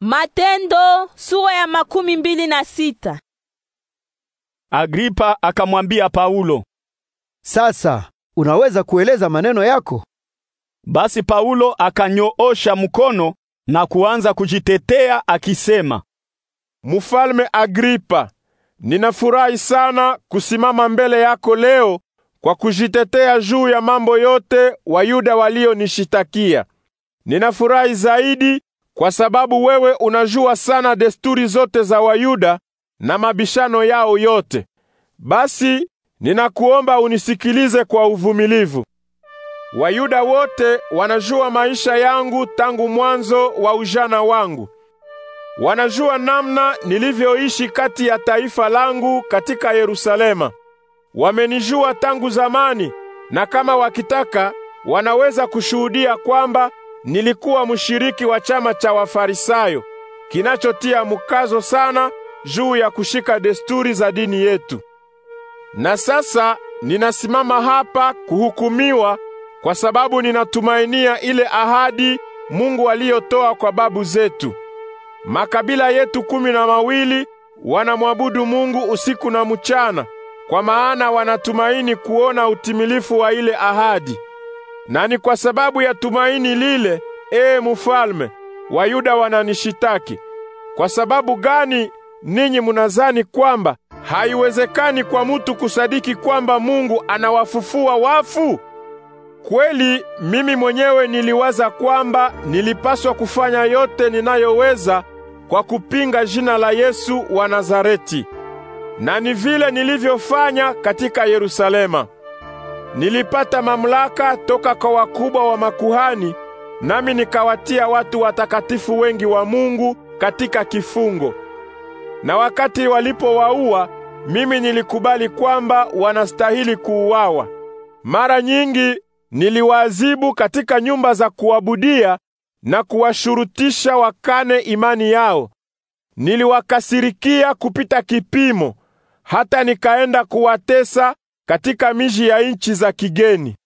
Matendo sura ya makumi mbili na sita. Agripa akamwambia Paulo, "Sasa unaweza kueleza maneno yako?" Basi Paulo akanyoosha mkono na kuanza kujitetea akisema, "Mfalme Agripa, ninafurahi sana kusimama mbele yako leo kwa kujitetea juu ya mambo yote Wayuda walionishitakia. Ninafurahi zaidi kwa sababu wewe unajua sana desturi zote za Wayuda na mabishano yao yote. Basi ninakuomba unisikilize kwa uvumilivu. Wayuda wote wanajua maisha yangu tangu mwanzo wa ujana wangu. Wanajua namna nilivyoishi kati ya taifa langu katika Yerusalema. Wamenijua tangu zamani na kama wakitaka wanaweza kushuhudia kwamba nilikuwa mshiriki wa chama cha Wafarisayo kinachotia mkazo sana juu ya kushika desturi za dini yetu. Na sasa ninasimama hapa kuhukumiwa kwa sababu ninatumainia ile ahadi Mungu aliyotoa kwa babu zetu. Makabila yetu kumi na mawili wanamwabudu Mungu usiku na mchana, kwa maana wanatumaini kuona utimilifu wa ile ahadi. Na ni kwa sababu ya tumaini lile Ee mfalme, Wayuda wananishitaki. Kwa sababu gani ninyi munazani kwamba haiwezekani kwa mutu kusadiki kwamba Mungu anawafufua wafu? Kweli mimi mwenyewe niliwaza kwamba nilipaswa kufanya yote ninayoweza kwa kupinga jina la Yesu wa Nazareti, na ni vile nilivyofanya katika Yerusalema. Nilipata mamlaka toka kwa wakubwa wa makuhani Nami nikawatia watu watakatifu wengi wa Mungu katika kifungo. Na wakati walipowaua, mimi nilikubali kwamba wanastahili kuuawa. Mara nyingi niliwaadhibu katika nyumba za kuabudia na kuwashurutisha wakane imani yao. Niliwakasirikia kupita kipimo, hata nikaenda kuwatesa katika miji ya nchi za kigeni.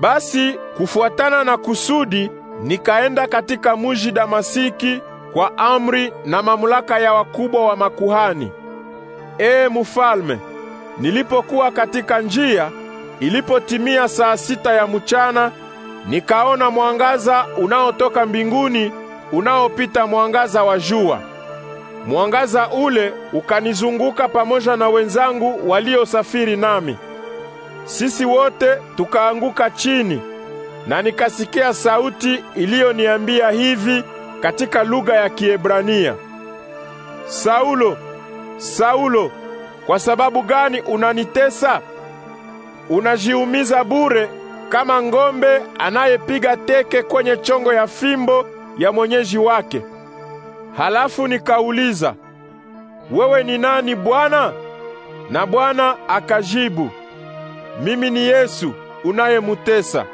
Basi kufuatana na kusudi nikaenda katika mji Damasiki kwa amri na mamlaka ya wakubwa wa makuhani. Ee mfalme, nilipokuwa katika njia, ilipotimia saa sita ya mchana, nikaona mwangaza unaotoka mbinguni unaopita mwangaza wa jua. Mwangaza ule ukanizunguka pamoja na wenzangu waliosafiri nami sisi wote tukaanguka chini, na nikasikia sauti iliyoniambia hivi katika lugha ya Kiebrania, Saulo, Saulo, kwa sababu gani unanitesa? Unajiumiza bure kama ng'ombe anayepiga teke kwenye chongo ya fimbo ya mwenyeji wake. Halafu nikauliza, wewe ni nani Bwana? Na Bwana akajibu mimi ni Yesu unayemutesa.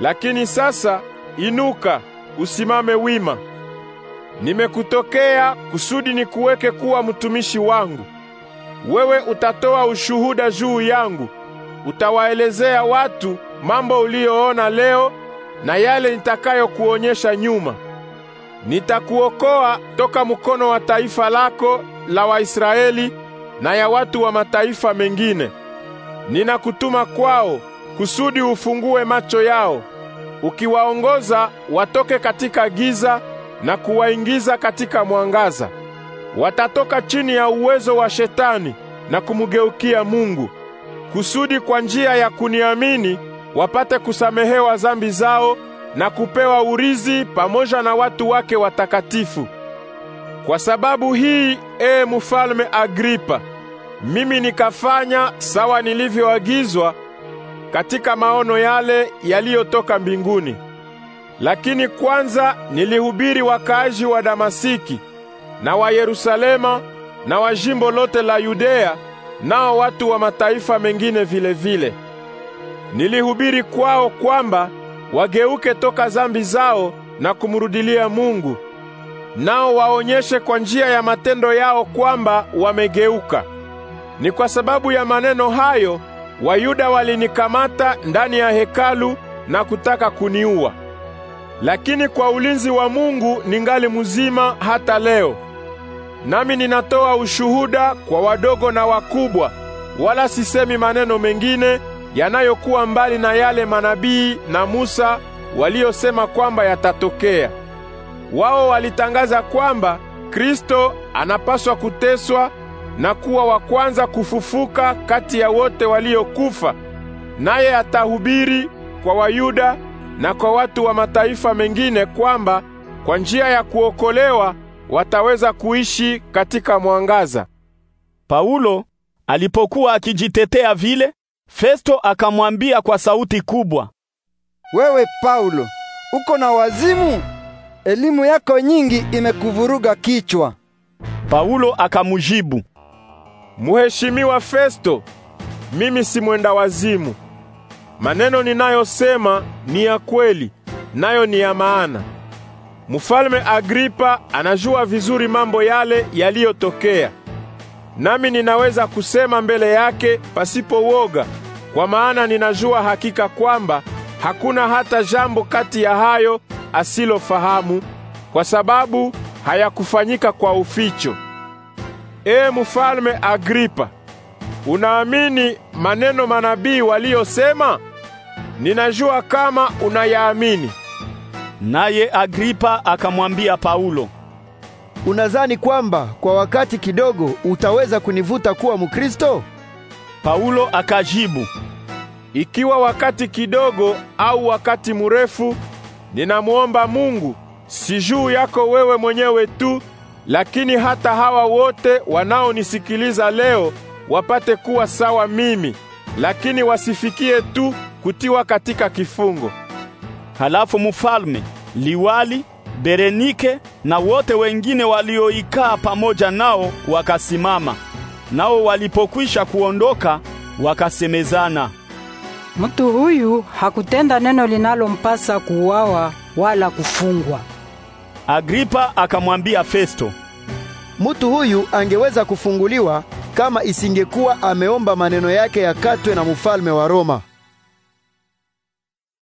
Lakini sasa inuka, usimame wima. Nimekutokea kusudi nikuweke kuwa mtumishi wangu. Wewe utatoa ushuhuda juu yangu. Utawaelezea watu mambo uliyoona leo na yale nitakayokuonyesha nyuma. Nitakuokoa toka mkono wa taifa lako la Waisraeli na ya watu wa mataifa mengine ninakutuma kwao kusudi ufungue macho yao, ukiwaongoza watoke katika giza na kuwaingiza katika mwangaza. Watatoka chini ya uwezo wa Shetani na kumgeukia Mungu, kusudi kwa njia ya kuniamini wapate kusamehewa dhambi zao na kupewa urizi pamoja na watu wake watakatifu. Kwa sababu hii, ee Mfalme Agripa, mimi nikafanya sawa nilivyoagizwa katika maono yale yaliyotoka mbinguni. Lakini kwanza nilihubiri wakaaji wa Damasiki na wa Yerusalema na wa jimbo lote la Yudea, nao watu wa mataifa mengine vile vile. Nilihubiri kwao kwamba wageuke toka zambi zao na kumrudilia Mungu, nao waonyeshe kwa njia ya matendo yao kwamba wamegeuka. Ni kwa sababu ya maneno hayo Wayuda walinikamata ndani ya hekalu na kutaka kuniua. Lakini kwa ulinzi wa Mungu ningali mzima hata leo. Nami ninatoa ushuhuda kwa wadogo na wakubwa, wala sisemi maneno mengine yanayokuwa mbali na yale manabii na Musa waliosema kwamba yatatokea. Wao walitangaza kwamba Kristo anapaswa kuteswa na kuwa wa kwanza kufufuka kati ya wote waliokufa, naye atahubiri kwa Wayuda na kwa watu wa mataifa mengine kwamba kwa njia ya kuokolewa wataweza kuishi katika mwangaza. Paulo alipokuwa akijitetea vile, Festo akamwambia kwa sauti kubwa, wewe Paulo, uko na wazimu? Elimu yako nyingi imekuvuruga kichwa. Paulo akamjibu, Mheshimiwa Festo, mimi si mwenda wazimu. Maneno ninayosema ni ya kweli, nayo ni ya maana. Mfalme Agripa anajua vizuri mambo yale yaliyotokea. Nami ninaweza kusema mbele yake pasipo woga, kwa maana ninajua hakika kwamba hakuna hata jambo kati ya hayo asilofahamu, kwa sababu hayakufanyika kwa uficho. Ee Mfalme Agripa, unaamini maneno manabii waliyosema? Ninajua kama unayaamini. Naye Agripa akamwambia Paulo, unadhani kwamba kwa wakati kidogo utaweza kunivuta kuwa Mkristo? Paulo akajibu, ikiwa wakati kidogo au wakati mrefu, ninamwomba Mungu si juu yako wewe mwenyewe tu lakini hata hawa wote wanaonisikiliza leo wapate kuwa sawa mimi, lakini wasifikie tu kutiwa katika kifungo. Halafu mfalme, liwali, Berenike na wote wengine walioikaa pamoja nao wakasimama. Nao walipokwisha kuondoka wakasemezana, mtu huyu hakutenda neno linalompasa kuuawa wala kufungwa. Agripa akamwambia Festo, mtu huyu angeweza kufunguliwa kama isingekuwa ameomba maneno yake yakatwe na mfalme wa Roma.